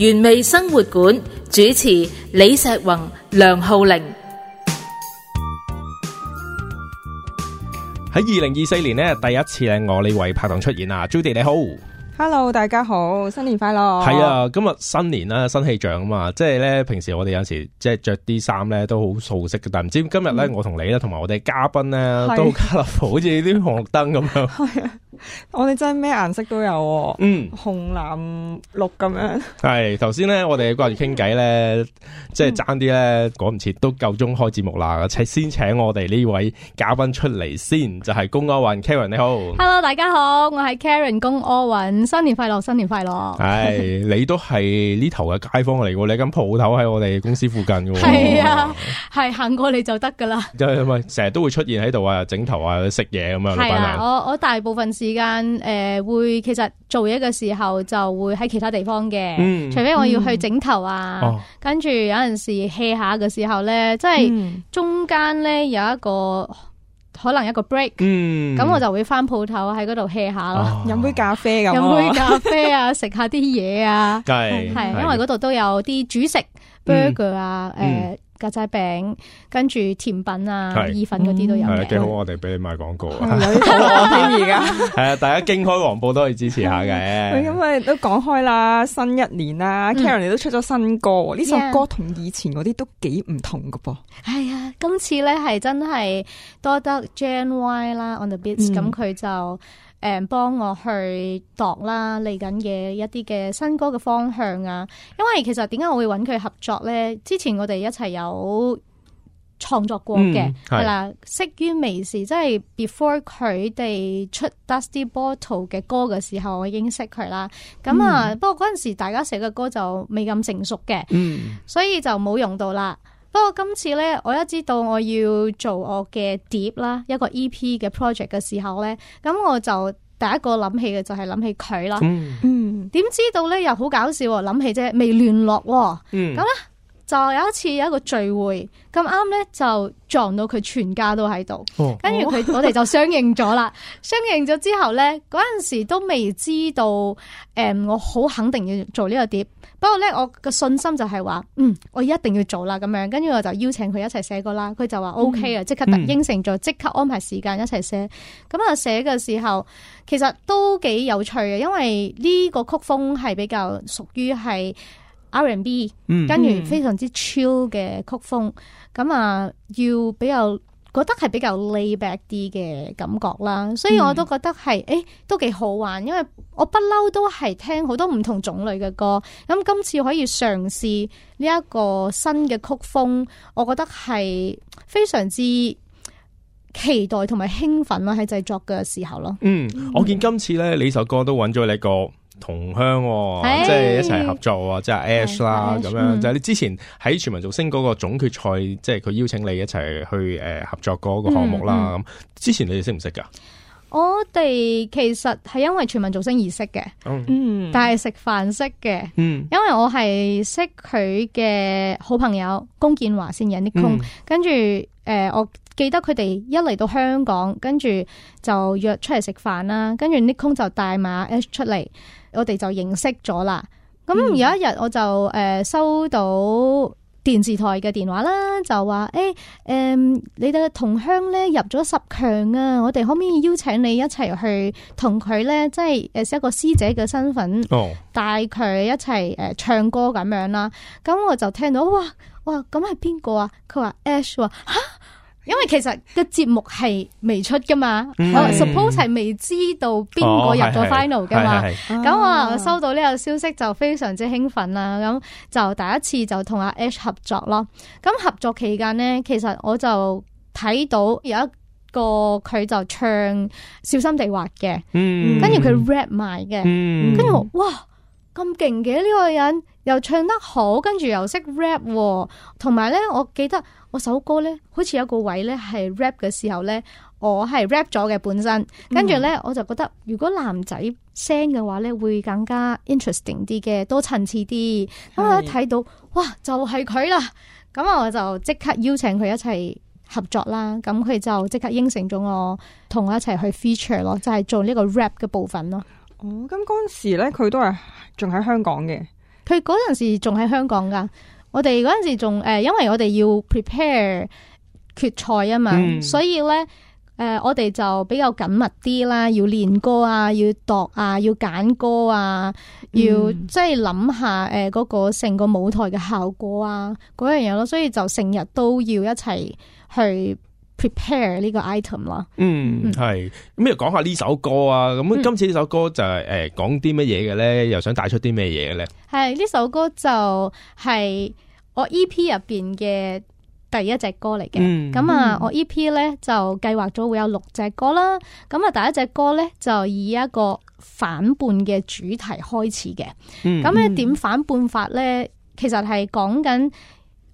原味生活館主持李石宏、梁浩玲喺二零二四年呢，第一次係我呢位拍檔出現啊，Judy 你好。Hello，大家好，新年快樂！係啊，今日新年啦，新氣象啊嘛，即係咧，平時我哋有時即係着啲衫咧都好素色嘅，但唔知今日咧，我同你咧，同埋我哋嘉賓咧都 colourful，好似啲紅綠燈咁樣。我哋真係咩顏色都有，嗯，紅藍綠咁樣。係頭先咧，我哋嗰日傾偈咧，嗯、即係爭啲咧講唔切，都夠鐘開節目啦，請先請我哋呢位嘉賓出嚟先，就係、是、龔柯允 Karen，你好。Hello，大家好，我係 Karen 龔柯允。新年快樂，新年快樂！係、哎、 你都係呢頭嘅街坊嚟嘅，你間鋪頭喺我哋公司附近嘅。係 啊，係行過你就得噶啦。就係咪成日都會出現喺度啊，整頭啊，食嘢咁樣。係啊，我我大部分時間誒會其實做嘢嘅時候就會喺其他地方嘅，嗯、除非我要去整頭啊。跟住、嗯、有陣時 hea 下嘅時候咧，嗯、即係中間咧有一個。可能一個 break，咁我就會翻鋪頭喺嗰度 hea 下咯，飲杯咖啡咁，飲杯咖啡啊，食下啲嘢啊，係，因為嗰度都有啲主食 burger 啊，誒。格仔餅，跟住甜品啊，是意粉嗰啲都有嘅。幾、嗯、好我，我哋俾你買廣告啊！女皇添而家，係啊，大家經開黃埔都可以支持下嘅。咁啊、 嗯，都講開啦，新一年啦，Karen 你都出咗新歌，呢首歌同以前嗰啲都幾唔同噶噃。係啊，今次咧係真係多得 Jan Y 啦，On the Beat，咁佢就。誒、幫、嗯、我去度啦，嚟緊嘅一啲嘅新歌嘅方向啊，因為其實點解我會揾佢合作咧？之前我哋一齊有創作過嘅，係、嗯、啦，識於微時，即、就、係、是、before 佢哋出 Dusty Bottle 嘅歌嘅時候，我已經識佢啦。咁啊，嗯、不過嗰陣時大家寫嘅歌就未咁成熟嘅，嗯、所以就冇用到啦。不過今次咧，我一知道我要做我嘅碟啦，一個 EP 嘅 project 嘅時候咧，咁我就第一個諗起嘅就係諗起佢啦。嗯，點、嗯、知道咧又好搞笑，諗起啫未聯絡、哦。嗯，咁咧。就有一次有一個聚會咁啱咧，就撞到佢全家都喺度，跟住佢我哋就相認咗啦。 相認咗之後咧，嗰陣時都未知道，誒、嗯，我好肯定要做呢個碟。不過咧，我個信心就係話，嗯，我一定要做啦咁樣。跟住我就邀請佢一齊寫歌啦，佢就話 O K 啊，嗯、即刻應承咗，即刻安排時間一齊寫。咁啊，寫嘅時候其實都幾有趣嘅，因為呢個曲風係比較屬於係，R&B、嗯、跟住非常之 chill 嘅曲風，咁啊，嗯嗯、要比較覺得係比較 laid back 啲嘅感覺啦，所以我都覺得係誒、嗯欸，都幾好玩，因為我不嬲都係聽好多唔同種類嘅歌，咁、嗯、今次可以嘗試呢一個新嘅曲風，我覺得係非常之期待同埋興奮啦，喺製作嘅時候咯。嗯，嗯我見今次咧你首歌都揾咗你一個同鄉即係一齊合作啊，即係 Ash 啦咁樣。就係你之前喺全民造星嗰個總決賽，即係佢邀請你一齊去誒合作嗰個項目啦。咁之前你哋識唔識噶？我哋其實係因為全民造星而識嘅，嗯，但係食飯識嘅，嗯，因為我係識佢嘅好朋友龔建華先引啲空，跟住誒我。記得佢哋一嚟到香港，跟住就約出嚟食飯啦。跟住 Nico 就帶埋 Ash 出嚟，我哋就認識咗啦。咁有一日，我就誒、嗯、收到電視台嘅電話啦，就話誒誒，你哋嘅同鄉咧入咗十強啊，我哋可唔可以邀請你一齊去同佢咧，即係誒一個師姐嘅身份，帶佢一齊誒唱歌咁樣啦。咁、哦、我就聽到哇哇，咁係邊個啊？佢話 Ash 吓。因為其實個節目係未出噶嘛、嗯、我，suppose 係未知道邊個入咗 final 嘅嘛，咁、哦、我收到呢個消息就非常之興奮啦，咁、啊、就第一次就同阿 H 合作咯。咁合作期間咧，其實我就睇到有一個佢就唱《小心地滑》嘅，跟住佢 rap 埋嘅，跟住、嗯、哇！咁勁嘅，呢個人又唱得好，跟住又識 rap，同埋呢，我記得我首歌呢，好似有個位呢係 rap 嘅時候呢，我係 rap 咗嘅本身，嗯、跟住呢，我就覺得如果男仔聲嘅話呢，會更加 interesting 啲嘅，多層次啲。咁是我一睇到，哇，就係佢啦！咁我就即刻邀請佢一齊合作啦。咁佢就即刻應承咗我，同我一齊去 feature 咯，就係做呢個 rap 嘅部分咯。哦，咁嗰陣時咧，佢都係仲喺香港嘅。佢嗰陣時仲喺香港噶，我哋嗰陣時仲誒、呃，因為我哋要 prepare 決賽啊嘛，嗯、所以咧誒、呃，我哋就比較緊密啲啦，要練歌啊，要度啊，要揀歌啊，要、嗯、即係諗下誒嗰個成個舞台嘅效果啊嗰樣嘢咯，所以就成日都要一齊去。Prepare 呢個 item 咯，嗯，嗯係咁，不如講下呢首歌啊，咁今次呢首歌就係誒講啲乜嘢嘅咧，又想帶出啲咩嘢嘅咧？係呢首歌就係我 EP 入邊嘅第一隻歌嚟嘅，咁、嗯、啊、嗯、我 EP 咧就計劃咗會有六隻歌啦，咁啊第一隻歌咧就以一個反叛嘅主題開始嘅，咁咧點反叛法咧，嗯、其實係講緊。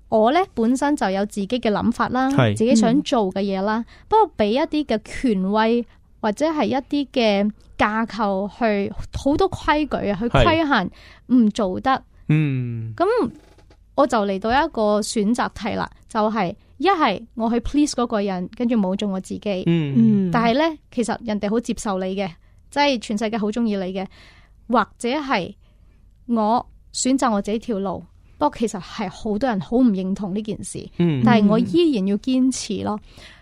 我咧本身就有自己嘅諗法啦，是自己想做嘅嘢啦。嗯、不過俾一啲嘅權威或者係一啲嘅架構去好多規矩啊，去規限唔是做得。嗯，咁我就嚟到一個選擇題啦，就係一係我去 please 嗰個人，跟住冇咗我自己。嗯。但係咧，其實人哋好接受你嘅，即係全世界好中意你嘅，或者係我選擇我自己條路。不過其實係好多人好唔認同呢件事，嗯、但係我依然要堅持咯。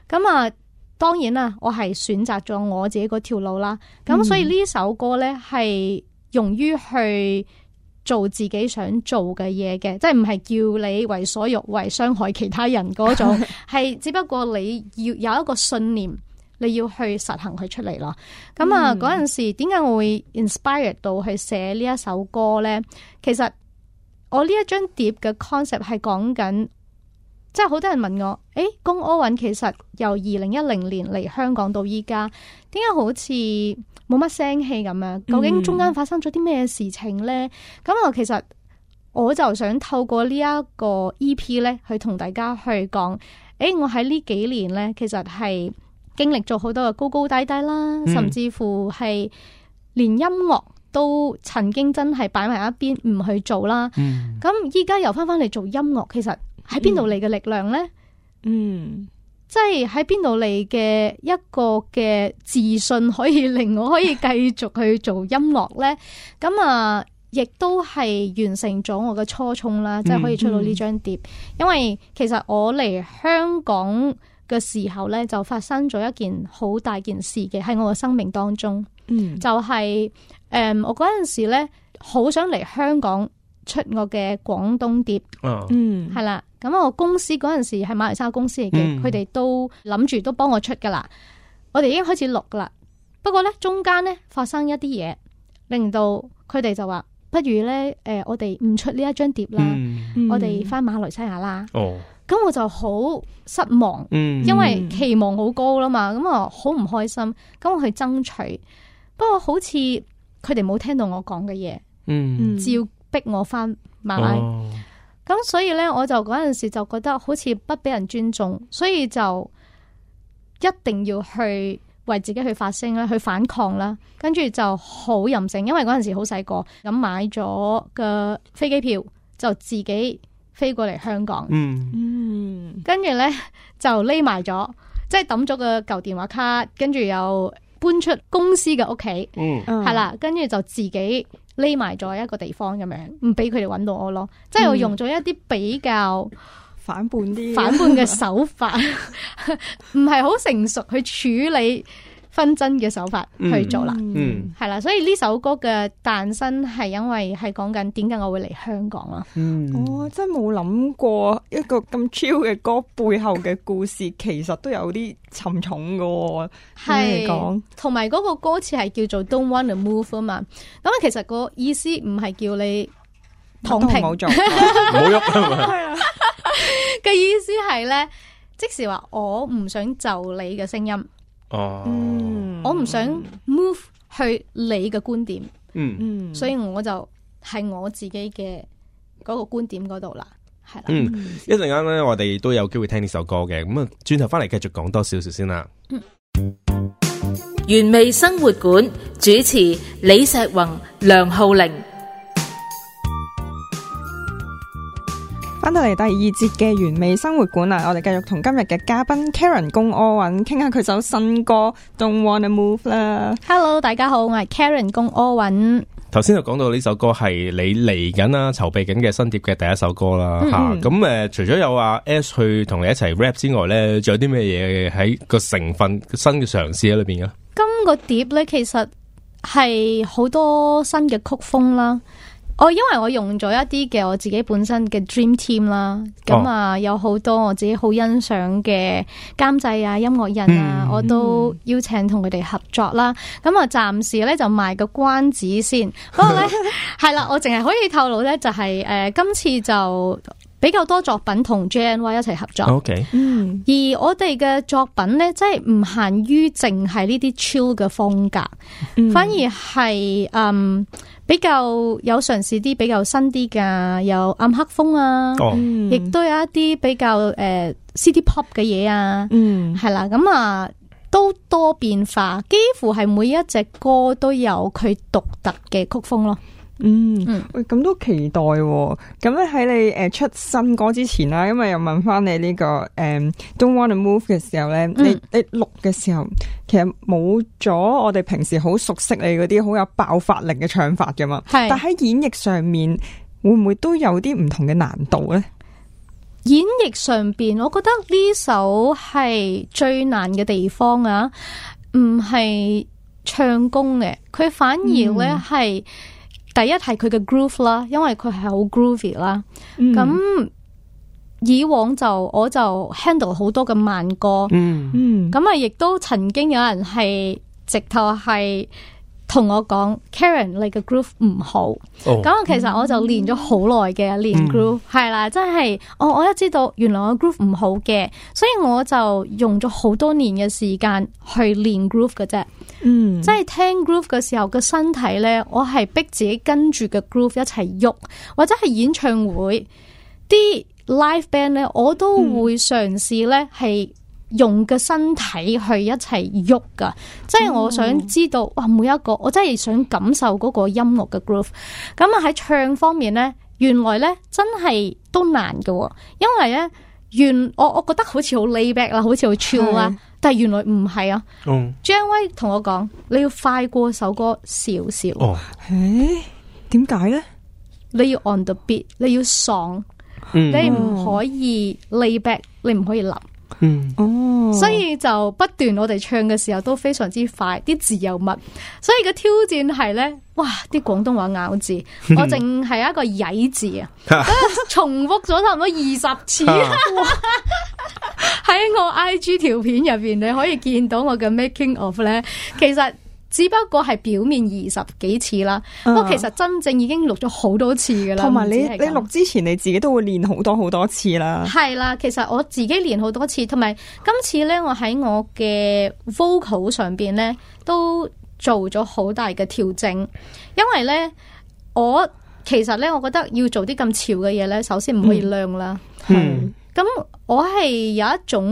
咁啊，當然啦，我係選擇咗我自己嗰條路啦。咁、嗯、所以呢首歌呢，係用於去做自己想做嘅嘢嘅，即係唔係叫你為所欲為、傷害其他人嗰種。係 只不過你要有一個信念，你要去實行佢出嚟咯。咁啊，嗰陣、嗯、時點解我會 inspire 到去寫呢一首歌呢？其實。我呢一張碟嘅 concept 係講緊，即係好多人問我：誒、欸，龔柯允其實由二零一零年嚟香港到依家，點解好似冇乜聲氣咁啊？究竟中間發生咗啲咩事情呢？嗯」咁我其實我就想透過呢一個 EP 咧，去同大家去講，誒、欸，我喺呢幾年咧，其實係經歷咗好多嘅高高低低啦，甚至乎係連音樂。都曾經真係擺埋一邊唔去做啦。咁依家又返返嚟做音樂，其實喺邊度嚟嘅力量呢？嗯，即係喺邊度嚟嘅一個嘅自信，可以令我可以繼續去做音樂呢？咁 啊，亦都係完成咗我嘅初衷啦，嗯、即係可以出到呢張碟。嗯嗯、因為其實我嚟香港嘅時候咧，就發生咗一件好大件事嘅，喺我嘅生命當中，嗯、就係、是、誒、呃，我嗰陣時咧，好想嚟香港出我嘅廣東碟，哦、嗯，係啦，咁我公司嗰陣時係馬來西亞公司嚟嘅，佢哋、嗯、都諗住都幫我出噶啦，我哋已經開始錄噶啦，不過咧中間咧發生一啲嘢，令到佢哋就話，不如咧，誒、嗯，嗯、我哋唔出呢一張碟啦，我哋翻馬來西亞啦。哦咁我就好失望，因為期望好高啦嘛，咁我好唔開心。咁我去爭取，不過好似佢哋冇聽到我講嘅嘢，照、嗯、逼我翻買。咁、哦、所以呢，我就嗰陣時就覺得好似不俾人尊重，所以就一定要去為自己去發聲啦，去反抗啦。跟住就好任性，因為嗰陣時好細個，咁買咗個飛機票就自己。飛過嚟香港，嗯，跟住咧就匿埋咗，即係抌咗個舊電話卡，跟住又搬出公司嘅屋企，嗯，係啦，跟住就自己匿埋咗一個地方咁樣，唔俾佢哋揾到我咯，即係我用咗一啲比較、嗯、反叛啲反叛嘅手法，唔係好成熟去處理。分爭嘅手法去做啦，係啦、嗯嗯，所以呢首歌嘅誕生係因為係講緊點解我會嚟香港啦。嗯，我、哦、真冇諗過一個咁 chill 嘅歌背後嘅故事，其實都有啲沉重噶。係、 嗯，同埋嗰個歌詞係叫做 Don't wanna move 啊嘛。咁啊，其實個意思唔係叫你躺平，冇做，冇喐嘅意思係咧，即時話我唔想就你嘅聲音。哦，嗯嗯、我唔想 move 去你嘅觀點，嗯，所以我就係我自己嘅嗰個觀點嗰度啦，係啦。嗯，一陣間咧，我哋都有機會聽呢首歌嘅。咁啊，轉頭翻嚟繼續講多少少先啦。原味生活館主持李石宏、梁浩玲。翻到嚟第二節嘅完美生活館啊，我哋繼續同今日嘅嘉賓 Karen 龔柯允傾下佢首新歌《Don't Wanna Move》啦。Hello，大家好，我係 Karen 龔柯允。頭先就講到呢首歌係你嚟緊啦，籌備緊嘅新碟嘅第一首歌啦。吓、嗯嗯，咁誒、啊呃，除咗有阿 S 去同你一齊 rap 之外咧，仲有啲咩嘢喺個成分、新嘅嘗試喺裏邊嘅？今個碟咧，其實係好多新嘅曲風啦。我、oh, 因為我用咗一啲嘅我自己本身嘅 dream team 啦，咁啊、oh. 有好多我自己好欣賞嘅監製啊、音樂人啊，mm hmm. 我都邀請同佢哋合作啦。咁啊，暫時咧就賣個關子先。不過咧係啦，我淨係可以透露咧，就係、是、誒、呃、今次就。比較多作品同 JNY 一齊合作，Okay. 嗯，而我哋嘅作品咧，即係唔限於淨係呢啲 chill 嘅風格，嗯、反而係嗯比較有嘗試啲比較新啲嘅，有暗黑風啊，亦都、哦嗯、有一啲比較誒、呃、city pop 嘅嘢啊，嗯，係啦，咁啊都多變化，幾乎係每一隻歌都有佢獨特嘅曲風咯。嗯，喂，咁都期待、啊。咁咧喺你誒、呃、出新歌之前啦，咁啊又問翻你呢、這個誒、呃、Don't wanna move 嘅時候咧、嗯，你你錄嘅時候，其實冇咗我哋平時好熟悉你嗰啲好有爆發力嘅唱法噶嘛。係是，但喺演繹上面會唔會都有啲唔同嘅難度咧？演繹上邊，我覺得呢首係最難嘅地方啊，唔係唱功嘅，佢反而咧係、嗯。第一係佢嘅 groove 啦，因為佢係好 groovy 啦。嗯。咁以往就我就 handle 好多嘅慢歌，嗯，咁啊，亦都曾經有人係直頭係。同我講，Karen 你嘅 groove 唔好，咁、oh. 其實我就練咗好耐嘅練 groove，係啦，即係我我一知道原來我 groove 唔好嘅，所以我就用咗好多年嘅時間去練 groove 嘅啫，嗯，即係聽 groove 嘅時候個身體咧，我係逼自己跟住個 groove 一齊喐，或者係演唱會啲 live band 咧，我都會嘗試咧係。用嘅身體去一齊喐噶，即係我想知道、嗯、哇，每一個我真係想感受嗰個音樂嘅 groove。咁啊喺唱方面呢，原來呢真係都難嘅、哦，因為呢，原我我覺得好似 lay 好 lay back 啦，好似好 chill 啊，是但係原來唔係啊。張威同我講，你要快過首歌少少。哦，誒、欸，點解呢？你要 on the beat，你要爽，嗯、你唔可以 lay back，你唔可以諗。嗯，哦，mm. oh. 所以就不斷我哋唱嘅時候都非常之快，啲字又密，所以個挑戰係咧，哇！啲廣東話咬字，mm. 我淨係一個曳字啊， 重複咗差唔多二十次，喺 我 I G 條片入邊你可以見到我嘅 making of 咧，其實。只不過係表面二十幾次啦，不過、啊、其實真正已經錄咗好多次噶啦。同埋你你錄之前你自己都會練好多好多次啦。係啦，其實我自己練好多次，同埋今次咧，我喺我嘅 vocal 上邊咧都做咗好大嘅調整，因為咧我其實咧，我覺得要做啲咁潮嘅嘢咧，首先唔可以亮啦。嗯。係、咁、嗯、我係有一種，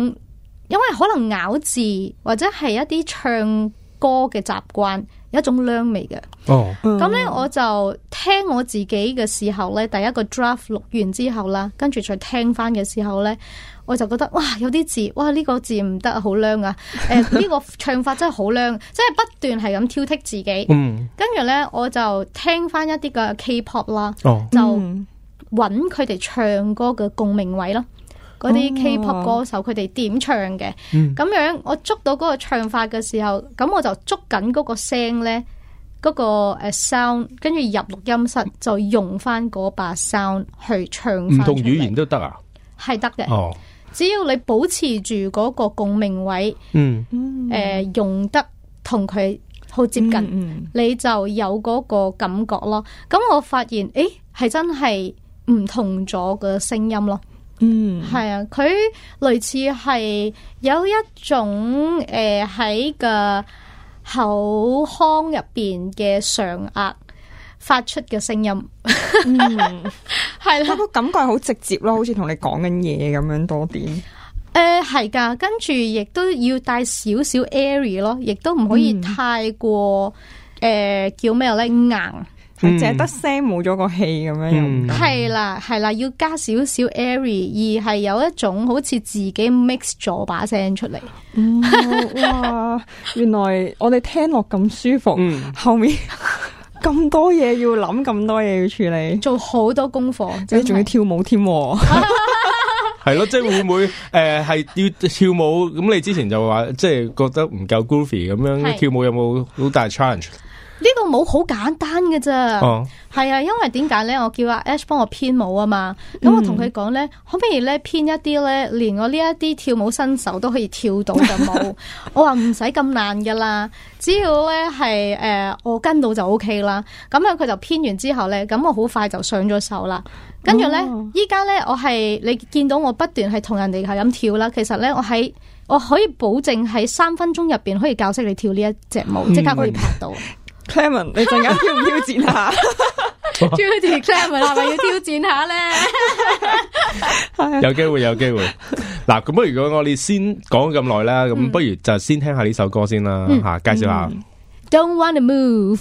因為可能咬字或者係一啲唱歌嘅習慣有一種娘味嘅，咁咧、哦、我就聽我自己嘅時候咧，第一個 draft 錄完之後啦，跟住再聽翻嘅時候咧，我就覺得哇，有啲字，哇呢、這個字唔得，好娘啊，誒呢、 呃這個唱法真係好娘，即係不斷係咁挑剔自己，跟住咧我就聽翻一啲嘅 K-pop 啦，哦、就揾佢哋唱歌嘅共鳴位咯。嗰啲 K-pop 歌手佢哋點唱嘅？咁樣我捉到嗰個唱法嘅時候，咁我就捉緊嗰個聲咧，嗰個誒 sound，跟住入錄音室就用翻嗰把 sound 去唱，唔同語言都得啊，係得嘅。哦，只要你保持住嗰個共鳴位，嗯，誒，用得同佢好接近，你就有嗰個感覺咯。咁我發現，誒，係真係唔同咗個聲音咯。嗯，係啊，佢類似係有一種誒喺個口腔入邊嘅上顎發出嘅聲音，係啦，不過感覺好直接咯，好似同你講緊嘢咁樣多啲。誒、嗯，係、嗯、噶， 跟住亦都要帶少少 airy 咯，亦都唔可以太過誒、呃、叫咩咧硬。佢淨係得聲冇咗個氣咁樣，又唔係啦，係啦，要加少少 airy，而係有一種好似自己 mix 咗把聲出嚟。哇！原來我哋聽落咁舒服，後面咁多嘢要諗，咁多嘢要處理，做好多功課，即係仲要跳舞添。係咯，即係會唔會誒？係要跳舞咁？你之前就話即係覺得唔夠 groovy 咁樣跳舞，有冇好大 challenge？呢個舞好簡單嘅啫，係啊、哦，因為點解咧？我叫阿 Ash 幫我編舞啊嘛，咁、嗯、我同佢講咧，可唔可以咧編一啲咧，連我呢一啲跳舞新手都可以跳到嘅舞？ 我話唔使咁難噶啦，只要咧係誒我跟到就 O K 啦。咁樣佢就編完之後咧，咁我好快就上咗手啦。跟住咧，依家咧我係你見到我不斷係同人哋係咁跳啦。其實咧，我喺我可以保證喺三分鐘入邊可以教識你跳呢一隻舞，即、嗯、刻可以拍到。 Clement 你陣間挑唔挑戰下？挑戰 Clement 係咪要挑戰下咧？有機會，有機會。嗱，咁不如我我哋先講咁耐啦，咁不如就先聽下呢首歌先啦吓、嗯啊，介紹下。嗯、Don't wanna move。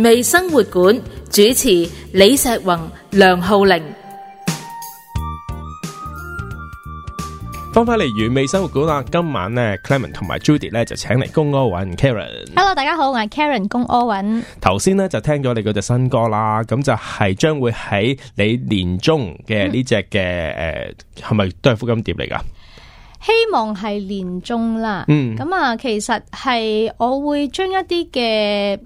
完美生活館主持李石宏、梁浩玲，翻返嚟完美生活館啊！今晚咧，Clement 同埋 Judy 咧，就請嚟龔柯允 Karen。Hello，大家好，我係 Karen 龔柯允。頭先咧就聽咗你嗰隻新歌啦，咁就係將會喺你年終嘅呢隻嘅誒，係咪、嗯、都係福音碟嚟噶？希望係年終啦，嗯，咁啊，其實係我會將一啲嘅。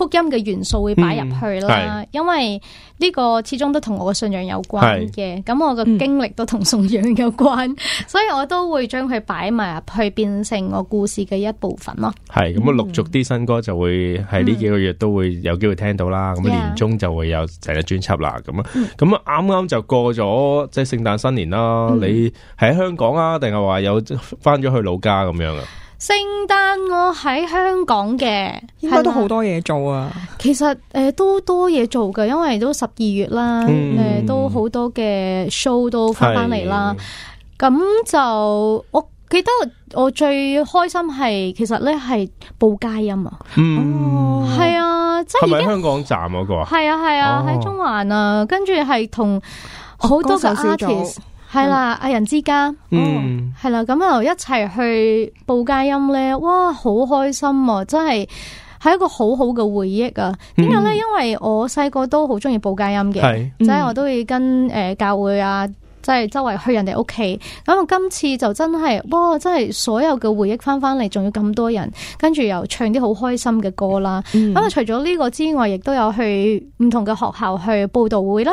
福音嘅元素會擺入去啦，嗯、因為呢個始終都同我嘅信仰有關嘅，咁是我嘅經歷都同信仰有關，嗯、所以我都會將佢擺埋入去，變成我故事嘅一部分咯。係咁啊，陸、嗯、續啲新歌就會喺呢幾個月都會有機會聽到啦。咁、嗯、年中就會有成一專輯啦。咁啊、嗯，咁啊，啱啱就過咗即係聖誕新年啦。嗯、你喺香港啊，定係話有翻咗去老家咁樣啊？聖誕我喺香港嘅，應該都好多嘢做啊。其實誒都多嘢做嘅，因為都十二月啦，誒都好多嘅 show 都返翻嚟啦。咁就我記得我最開心係，其實咧係報佳音啊。嗯，係啊，即係喺香港站嗰個，係啊係啊，喺中環啊，跟住係同好多嘅 artist。係啦，藝人之家，係啦、嗯，咁又、哦、一齊去報佳音咧，哇，好開心啊！真係係一個好好嘅回憶啊！點解咧？因為我細個都好中意報佳音嘅，即係是我都會跟誒、嗯呃、教會啊。即係周圍去人哋屋企，咁啊今次就真係，哇！真係所有嘅回憶翻翻嚟，仲要咁多人，跟住又唱啲好開心嘅歌啦。咁啊、mm，hmm. 就除咗呢個之外，亦都有去唔同嘅學校去報道會啦，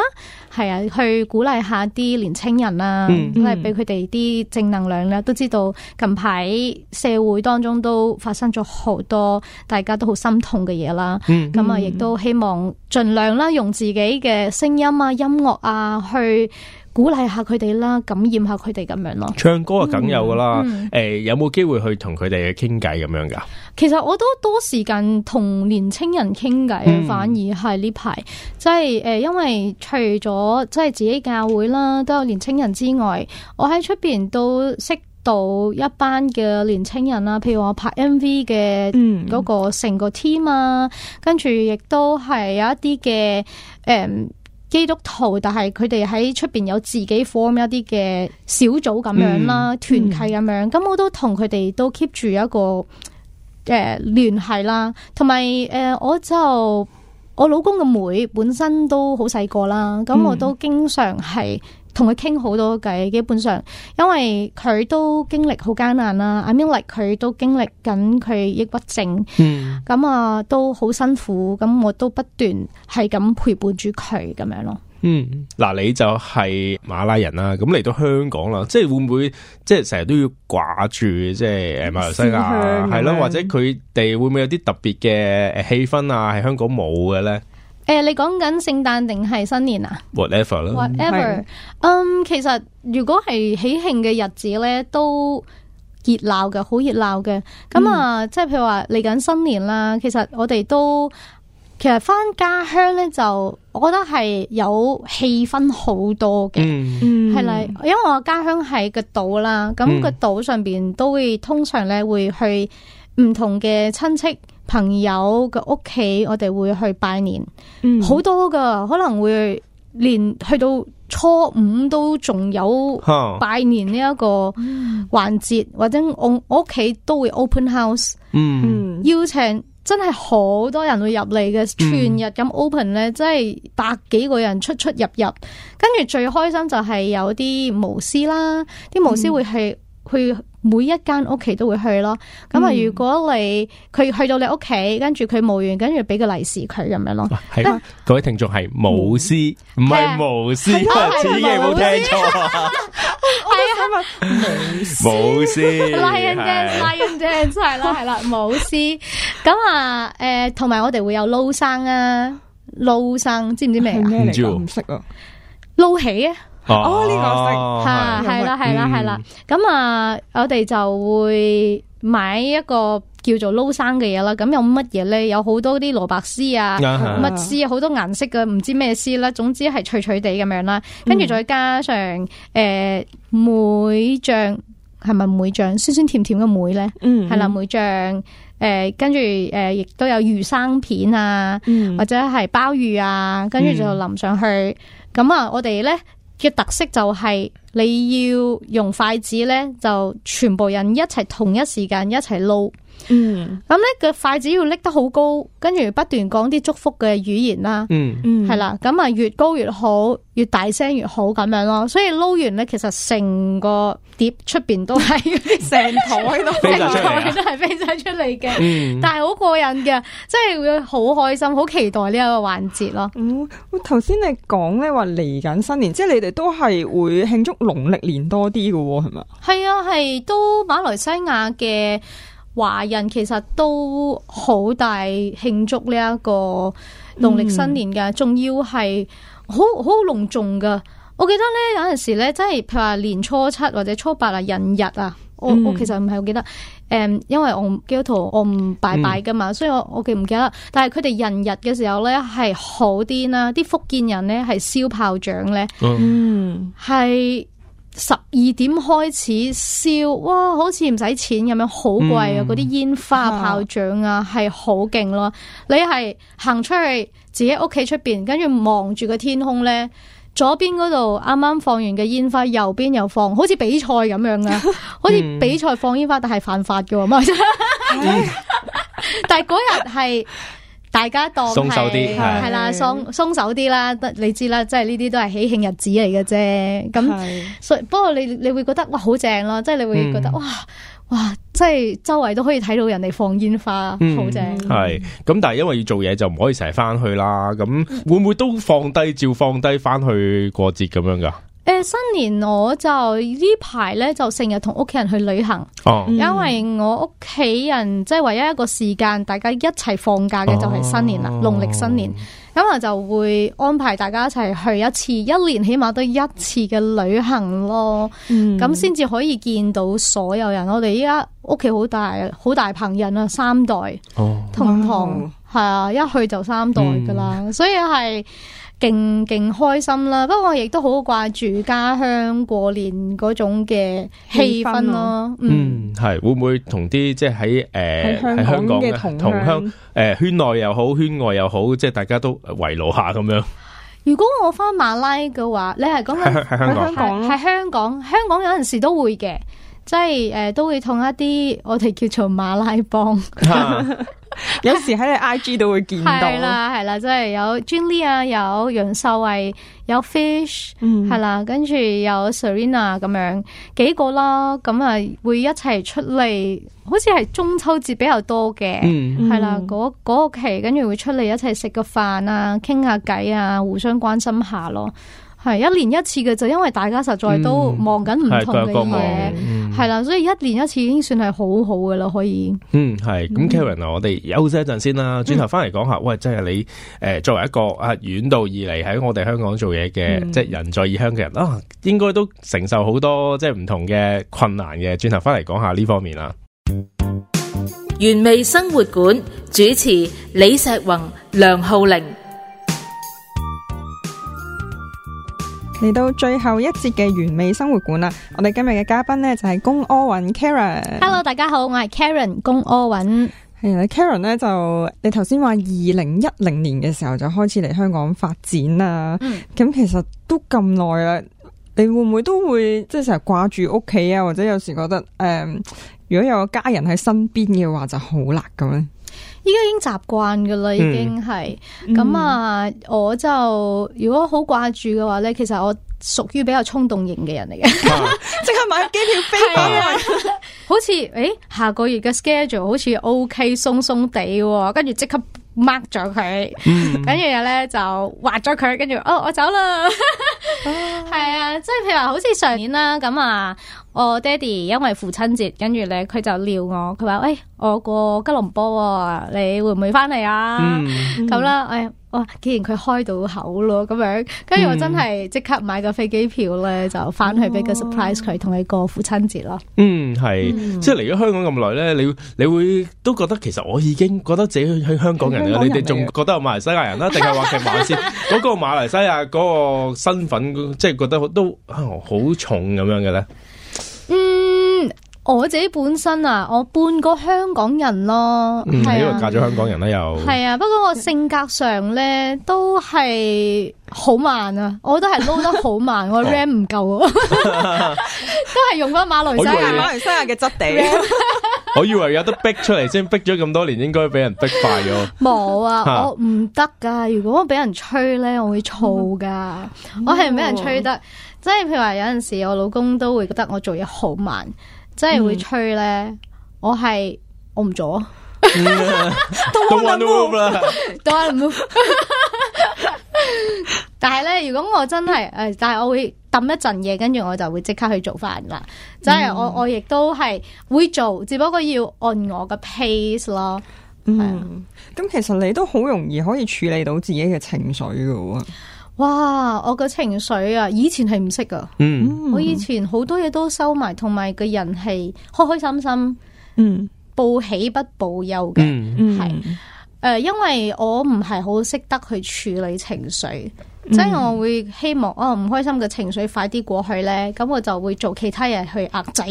係啊，去鼓勵下啲年青人啦，即係俾佢哋啲正能量啦。都知道近排社會當中都發生咗好多，大家都好心痛嘅嘢啦。咁啊、mm，亦、hmm. 都希望盡量啦，用自己嘅聲音啊、音樂啊、音樂啊去。鼓勵下佢哋啦，感染下佢哋咁樣咯。唱歌啊，梗有噶啦。誒、嗯欸，有冇機會去同佢哋傾偈咁樣噶？其實我都多時間同年青人傾偈，嗯、反而係呢排，即係誒，因為除咗即係自己教會啦，都有年青人之外，我喺出邊都識到一班嘅年青人啦。譬如我拍 MV 嘅嗰個成個 team 啊，嗯、跟住亦都係有一啲嘅誒。嗯基督徒，但係佢哋喺出邊有自己 form 一啲嘅小組咁樣啦，團契咁樣，咁我都同佢哋都 keep 住一個誒聯繫啦。同埋誒，我就我老公嘅妹本身都好細個啦，咁、嗯、我都經常係。同佢傾好多偈，基本上因為佢都經歷好艱難啦。阿 Mi 佢都經歷緊佢抑鬱症，咁、嗯、啊都好辛苦。咁我都不斷係咁陪伴住佢咁樣咯。嗯，嗱你就係馬拉人啦，咁嚟到香港啦，即係會唔會即係成日都要掛住即係誒馬來西亞係咯？或者佢哋會唔會有啲特別嘅氣氛啊？喺香港冇嘅咧？誒，你講緊聖誕定係新年啊？Whatever。Whatever。嗯，其實如果係喜慶嘅日子咧，都熱鬧嘅，好熱鬧嘅。咁啊，即係譬如話嚟緊新年啦，其實我哋都其實翻家鄉咧，就我覺得係有氣氛好多嘅，係啦、mm.。因為我家鄉係個島啦，咁個島上邊都會、mm. 通常咧會去唔同嘅親戚。朋友嘅屋企，我哋會去拜年，好、嗯、多㗎，可能會連去到初五都仲有拜年呢一個環節，哦、或者我我屋企都會 open house，嗯、邀請真係好多人會入嚟嘅。嗯、全日咁 open 呢，真係百幾個人出出入入，跟住最開心就係有啲巫師啦，啲巫師會係去。嗯去每一間屋企都會去咯，咁啊，如果你佢去到你屋企，跟住佢冇，完，跟住俾個利是佢咁樣咯。但係各位聽眾，係舞獅，唔係巫師，千祈冇聽錯。係啊，係咪舞舞獅？係人哋係人哋，係啦係啦舞獅。咁啊誒，同埋我哋會有撈生啊，撈生知唔知咩啊？唔知，唔識啊，撈起啊！哦，呢、喔，這個色系，係啦係啦係啦，咁啊，我哋就會買一個叫做撈生嘅嘢啦。咁有乜嘢咧？有好多啲蘿蔔絲啊，乜絲 啊，好多顏色嘅，唔知咩絲啦。總之係脆脆地咁樣啦。跟住再加上誒、呃，梅醬，係咪梅醬？酸酸甜甜嘅梅咧，係啦、嗯嗯，梅醬。誒、呃，跟住誒，亦、呃、都有魚生片啊，嗯、或者係鮑魚啊，跟住就淋上去。咁啊，我哋咧。嗯嗯嘅特色就係、是、你要用筷子咧，就全部人一齊同一時間一齊撈。嗯，咁咧個筷子要拎得好高，跟住不斷講啲祝福嘅語言啦，嗯，係啦，咁啊越高越好，越大聲越好咁樣咯。所以撈完咧，其實成個碟面 出邊都係成台都飛晒出嚟，都係飛晒出嚟嘅，嗯，但係好過癮嘅，即係會好開心，好期待呢一個環節咯。嗯，頭先你講咧話嚟緊新年，即係你哋都係會慶祝農曆年多啲嘅，係咪？係啊，係都馬來西亞嘅。華人其實都好大慶祝呢一個農曆新年嘅，仲、嗯、要係好好隆重噶。我記得咧有陣時咧，即係譬如話年初七或者初八啊，人日啊，我、嗯、我，我其實唔係好記得，誒、嗯，因為我基督徒我唔拜拜噶嘛，嗯、所以我我記唔記得？但係佢哋人日嘅時候咧係好啲啦，啲、啊、福建人咧係燒炮仗咧，嗯係。嗯十二點開始燒，哇！好似唔使錢咁樣，好貴、嗯、啊！嗰啲煙花炮仗啊，係好勁咯。你係行出去自己屋企出邊，跟住望住個天空咧，左邊嗰度啱啱放完嘅煙花，右邊又放，好似比賽咁樣噶，嗯、好似比賽放煙花，但係犯法嘅，嗯、 但係嗰日係。大家當鬆手啲，係啦，係啦，鬆鬆手啲啦，得你知啦，即係呢啲都係喜慶日子嚟嘅啫。咁係，所以不過你你會覺得哇，好正咯，嗯、即係你會覺得哇哇，即係周圍都可以睇到人哋放煙花，好正。係咁，但係因為要做嘢就唔可以成日翻去啦。咁會唔會都放低照放低翻去過節咁樣噶？呃、新年我就呢排呢，就成日同屋企人去旅行，哦、因為我屋企人，嗯、即係唯一一個時間大家一齊放假嘅就係新年啦，農曆新年，咁啊、哦、就會安排大家一齊去一次，一年起碼都一次嘅旅行咯，咁先至可以見到所有人。我哋依家屋企好大，好大棚人啊，三代，哦、同堂係啊哇，一去就三代噶啦，嗯嗯，所以係。勁勁開心啦，不過我亦都好掛住家鄉過年嗰種嘅氣氛咯。氛啊、嗯，係會唔會同啲即係喺誒喺香港嘅同鄉誒、呃、圈內又好圈外又好，即係大家都圍爐下咁樣。如果我翻馬拉嘅話，你係講喺香港，喺香，香，香港，香港香港有陣時都會嘅。即係誒、呃，都會同一啲我哋叫做馬拉幫，啊、 有時喺你 I G 都會見到。係 啦，係啦，即係有 Julie 啊，有楊秀慧，有 Fish，係啦，跟住有 Serena 咁樣幾個咯。咁啊，會一齊出嚟，好似係中秋節比較多嘅，係、嗯、啦。嗰、那、嗰、個那個期，跟住會出嚟一齊食個飯啊，傾下偈啊，互相關心下咯。係一年一次嘅，就因為大家實在都望緊唔同嘅嘢，係啦，嗯嗯，所以一年一次已經算係好好嘅啦，可以。嗯，係。咁 Karen 啊，嗯，我哋休息一陣先啦，轉頭翻嚟講下。嗯，喂，即係你誒，呃，作為一個啊遠道而嚟喺我哋香港做嘢嘅，嗯，即係人在異鄉嘅人啊，應該都承受好多即係唔同嘅困難嘅。轉頭翻嚟講下呢方面啦。原味生活館主持李石宏、梁浩玲。嚟到最後一節嘅完美生活館啦，我哋今日嘅嘉賓呢，就係龔柯允 Karen。Hello，大家好，我係 Karen 龔柯允。係啊，Karen 呢，就你頭先話二零一零年嘅時候就開始嚟香港發展啦，咁、嗯、其實都咁耐啦，你會唔會都會即係成日掛住屋企啊，或者有時覺得誒、嗯，如果有個家人喺身邊嘅話就好辣咁呢？依家已經習慣噶啦，已經係咁啊！我就如果好掛住嘅話咧，其實我屬於比較衝動型嘅人嚟嘅，即、啊、 刻買咗機票飛走。那樣 啊、好似誒、欸，下個月嘅 schedule 好似 OK，鬆鬆地，跟住即刻 mark 咗佢，跟住咧就畫咗佢，跟住哦，我走啦。係 啊，啊，即係譬如話好似上年啦，咁啊。我爹哋因為父親節，跟住咧佢就撩我，佢話誒我過吉隆坡，你會唔會翻嚟啊？咁啦、嗯，誒，哇、嗯哎！既然佢開到口咯，咁樣，跟住我真係即刻買個飛機票咧，就翻去俾個 surprise 佢，同佢、哦、過父親節咯。嗯，係，嗯、即係嚟咗香港咁耐咧，你你會，你會都覺得其實我已經覺得自己係香港人啦，人你哋仲覺得有馬來西亞人啦，定係話其他先？嗰 個馬來西亞嗰個身份，即係覺得都好重咁樣嘅咧。我自己本身啊，我半個香港人咯，係因為嫁咗香港人咧，又係啊。不過我性格上咧都係好慢啊，我都係撈得好慢，我 RAM 唔夠啊，都係用翻馬來西亞馬來西亞嘅質地。我以為有得逼出嚟先，逼咗咁多年，應該俾人逼快咗。冇啊，我唔得噶。如果我俾人吹咧，我會燥噶。我係唔俾人吹得，即係譬如話有陣時，我老公都會覺得我做嘢好慢。真係會吹咧、嗯，我係我唔做，都 Yeah, one move, move. 但係咧，如果我真係誒、呃，但係我會抌一陣嘢，跟住我就會即刻去做返啦。真係、嗯、我我亦都係會做，只不過要按我嘅 pace 咯。嗯，咁的、嗯、其實你都好容易可以處理到自己嘅情緒噶喎。哇！我個情緒啊，以前係唔識噶，我以前好多嘢都收埋，同埋個人係開開心心，嗯，報喜不報憂嘅，係因為我唔係好識得去處理情緒，即係我會希望哦，唔開心嘅情緒快啲過去呢。咁我就會做其他嘢去壓制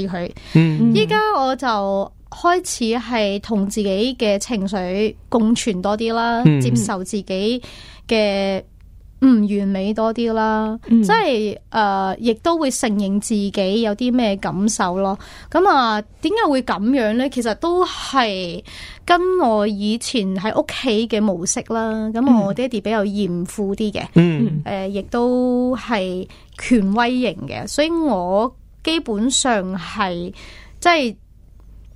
佢。依家我就開始係同自己嘅情緒共存多啲啦，接受自己嘅。唔完美多啲啦，嗯、即係誒，亦、呃、都會承認自己有啲咩感受咯。咁啊，點解會咁樣咧？其實都係跟我以前喺屋企嘅模式啦。咁我爹哋比較嚴酷啲嘅，誒、嗯嗯呃，亦都係權威型嘅，所以我基本上係即係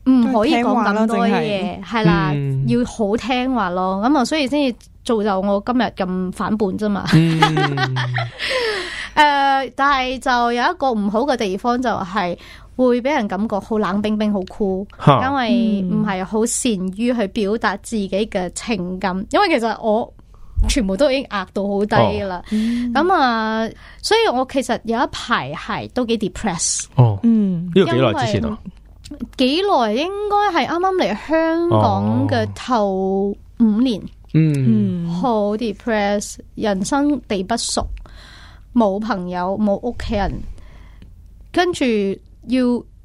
唔可以講咁多嘢，係啦，要好聽話咯。咁啊，所以先至。造就我今日咁反叛啫嘛，嗯，誒、 呃，但係就有一個唔好嘅地方就係會俾人感覺好冷冰冰、好酷，哈因為唔係好善於去表達自己嘅情感。嗯、因為其實我全部都已經壓到好低啦，咁、哦嗯、啊，所以我其實有一排係都幾 depress。哦，嗯，啊、因為幾耐之前幾耐應該係啱啱嚟香港嘅頭五年。哦嗯，好、mm hmm. depress，人生地不熟，冇朋友，冇屋企人，跟住要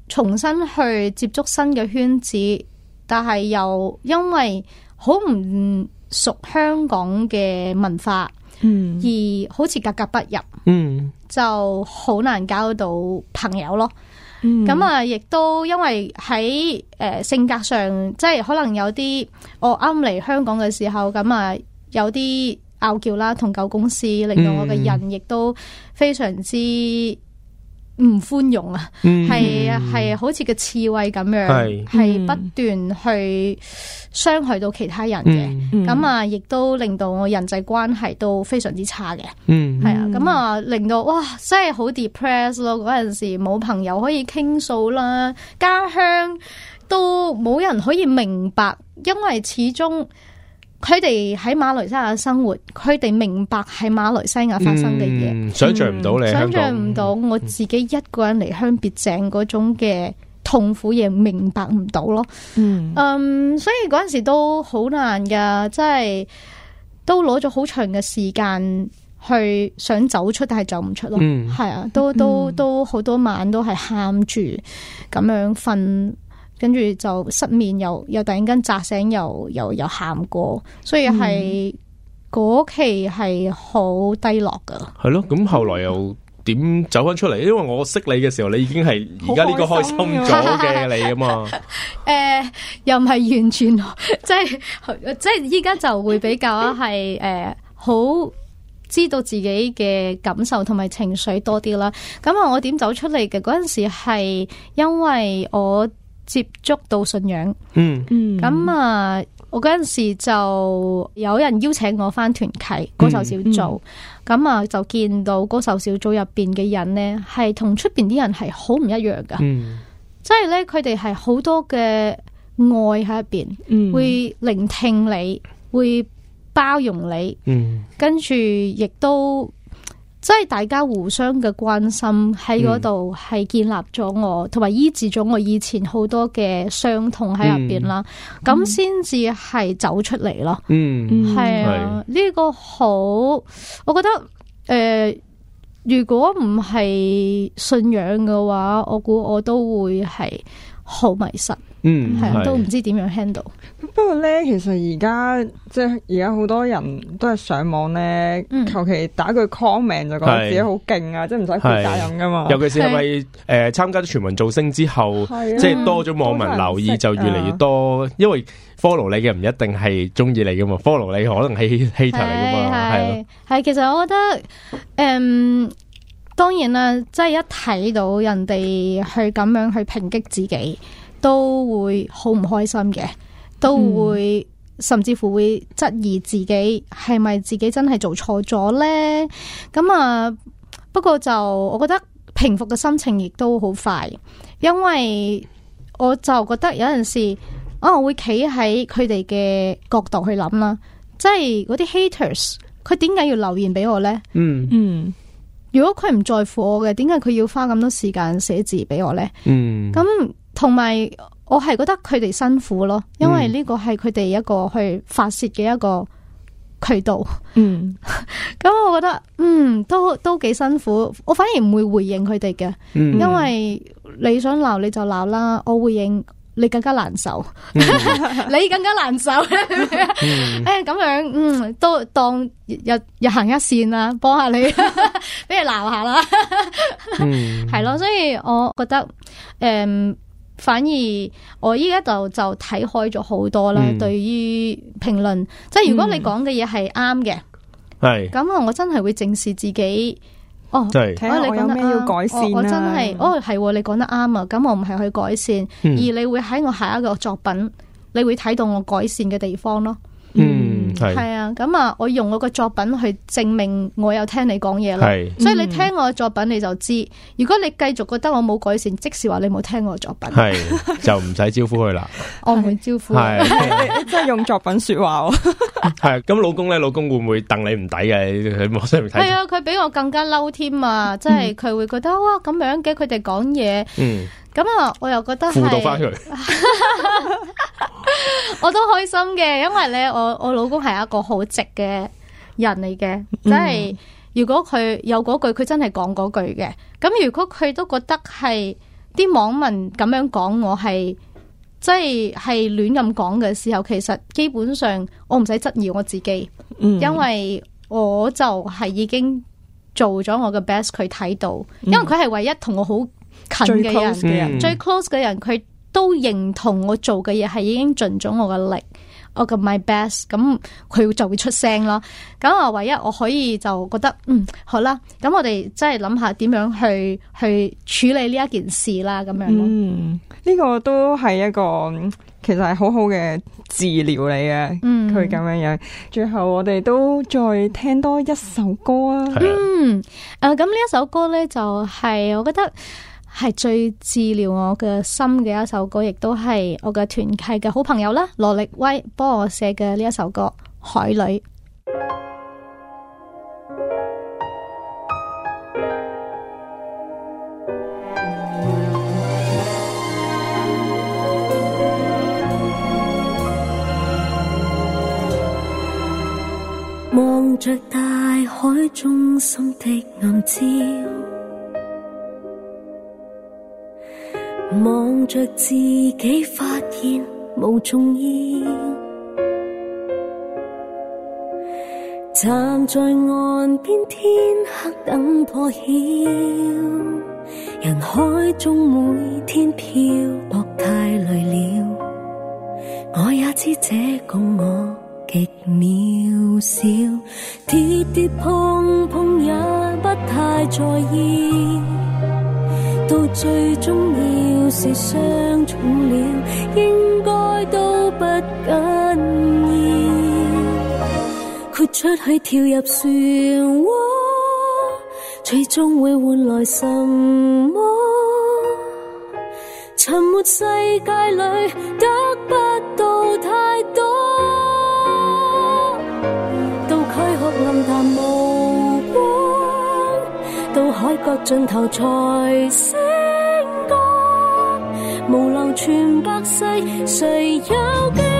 重新去接觸新嘅圈子，但係又因為好唔熟香港嘅文化，嗯、mm，hmm. 而好似格格不入，嗯、mm，hmm. 就好難交到朋友咯。咁、嗯、啊，亦都因為喺誒、呃、性格上，即係可能有啲我啱嚟香港嘅時候，咁啊有啲拗撬啦，同舊公司令到我嘅人亦都非常之。唔寬容啊，係係好似個刺猬咁樣，係是、嗯、不斷去傷害到其他人嘅，咁、嗯嗯、啊亦都令到我人際關係都非常之差嘅，嗯，係啊，咁啊令到哇真係好 depress 咯，嗰陣時冇朋友可以傾訴啦，家鄉都冇人可以明白，因為始終。佢哋喺馬來西亞生活，佢哋明白喺馬來西亞發生嘅嘢，嗯嗯、想象唔到你港想象唔到我自己一個人離鄉別井嗰種嘅痛苦嘢，嗯、明白唔到咯。嗯，um, 所以嗰陣時都好難噶，即係都攞咗好長嘅時間去想走出，但係走唔出咯。係、嗯、啊，都、嗯、都都好多晚都係喊住咁樣瞓。跟住就失眠又，又又突然間扎醒又，又又又喊過，所以係嗰、嗯、期係好低落噶。係咯，咁後來又點走翻出嚟？因為我識你嘅時候，你已經係而家呢個開心咗嘅你啊嘛。誒、 呃，又唔係完全即係即係，依家就會比較係誒、呃，好知道自己嘅感受同埋情緒多啲啦。咁啊，我點走出嚟嘅？嗰陣時係因為我。接觸到信仰，嗯，咁、嗯、啊，我嗰陣時就有人邀請我返團契歌手小組，咁啊、嗯嗯、就見到歌手小組入邊嘅人咧，係同出邊啲人係好唔一樣噶，即係咧佢哋係好多嘅愛喺入邊，嗯、會聆聽你，會包容你，嗯，跟住亦都。所以大家互相嘅關心喺嗰度係建立咗我，同埋，嗯、醫治咗我以前好多嘅傷痛喺入邊啦，咁先至係走出嚟咯。嗯，係啊，呢是個好，我覺得誒、呃，如果唔係信仰嘅話，我估我都會係好迷失。嗯，係都唔知點樣 handle。不過咧，其實而家即係而家好多人都係上網咧，求其打句 comment 就覺得自己好勁啊，即係唔使負責任噶嘛。尤其是係咪誒參加全民造星之後，即係多咗網民留意，就越嚟越多。因為 follow 你嘅唔一定係中意你噶嘛，follow 你可能係 hater 嚟噶嘛，係咯。係其實我覺得誒，當然啦，即係一睇到人哋去咁樣去抨擊自己，都會好唔開心嘅，都會、嗯、甚至乎會質疑自己係咪自己真係做錯咗呢？咁啊，不過就我覺得平復嘅心情亦都好快，因為我就覺得有陣時，哦、啊，我會企喺佢哋嘅角度去諗啦，即係嗰啲 haters，佢點解要留言俾我呢？嗯嗯，如果佢唔在乎我嘅，點解佢要花咁多時間寫字俾我呢？嗯，咁、嗯。同埋，我係覺得佢哋辛苦咯，因為呢個係佢哋一個去發洩嘅一個渠道。嗯，咁我覺得，嗯，都都幾辛苦。我反而唔會回應佢哋嘅，嗯、因為你想鬧你就鬧啦，我回應你更加難受，你更加難受。誒、 哎，咁樣，嗯，都當日日行一善啦、啊，幫下你，俾人鬧下啦。 嗯，係咯，所以我覺得，誒、嗯。反而我依家就就睇開咗好多啦。嗯、對於評論，嗯、即係如果你講嘅嘢係啱嘅，係咁我我真係會正視自己。對、哦，睇下睇下你講得啱，有咩要改善、啊、我，我真係哦係、哦，你講得啱啊。咁我唔係去改善，嗯、而你會喺我下一個作品，你會睇到我改善嘅地方咯。嗯，係係啊，咁啊，我用我個作品去證明我有聽你講嘢咯。係是，所以你聽我嘅作品你就知。如果你繼續覺得我冇改善，即使話你冇聽我嘅作品，係就唔使招呼佢啦。 我唔會招呼，即係用作品說話。係，咁老公咧，老公會唔會戥你唔抵嘅？喺網上面睇。係啊，佢比我更加嬲添啊！即係佢會覺得哇，咁樣嘅，佢哋講嘢。嗯咁啊，我又覺得係， 我都開心嘅，因為咧，我我老公係一個好直嘅人嚟嘅，即係、嗯、如果佢有嗰句，佢真係講嗰句嘅。咁如果佢都覺得係啲網民咁樣講我係，即係係亂咁講嘅時候，其實基本上我唔使質疑我自己，嗯、因為我就係已經做咗我嘅 best，佢睇到，因為佢係唯一同我好近嘅人，嗯、最 close 嘅人，佢都認同我做嘅嘢，係已經盡咗我嘅力，我嘅 my best，咁佢就會出聲咯。咁啊，唯一我可以就覺得，嗯，好啦，咁我哋真係諗下點樣去去處理呢一件事啦，咁樣。嗯、呢、這個都係一個其實係好好嘅治療嚟嘅。佢咁樣樣，最後我哋都再聽多一首歌啊。的嗯，誒、呃，咁呢一首歌咧就係、是、我覺得。係最治療我嘅心嘅一首歌，亦都係我嘅團契嘅好朋友啦。羅力威幫我寫嘅呢一首歌《海裏》，望着大海中心的暗礁。望着自己，發現無重要。站在岸邊，天黑等破曉。人海中每天漂泊太累了， 我也知這共我極渺小。 跌跌碰碰也不太在意。到最終要是相重了，應該都不緊要。豁出去跳入漩渦，最終會換來什麼？沉沒世界裏得不到太多。海角盡頭才聲歌，無留傳百世，誰有記？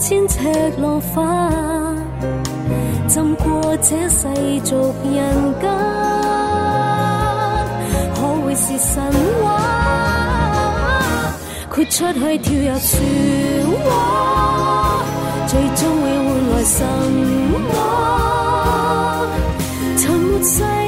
千尺落花，浸過這世俗人間，可會是神話？豁出去跳入漩渦，最終會換來什麼？沉醉。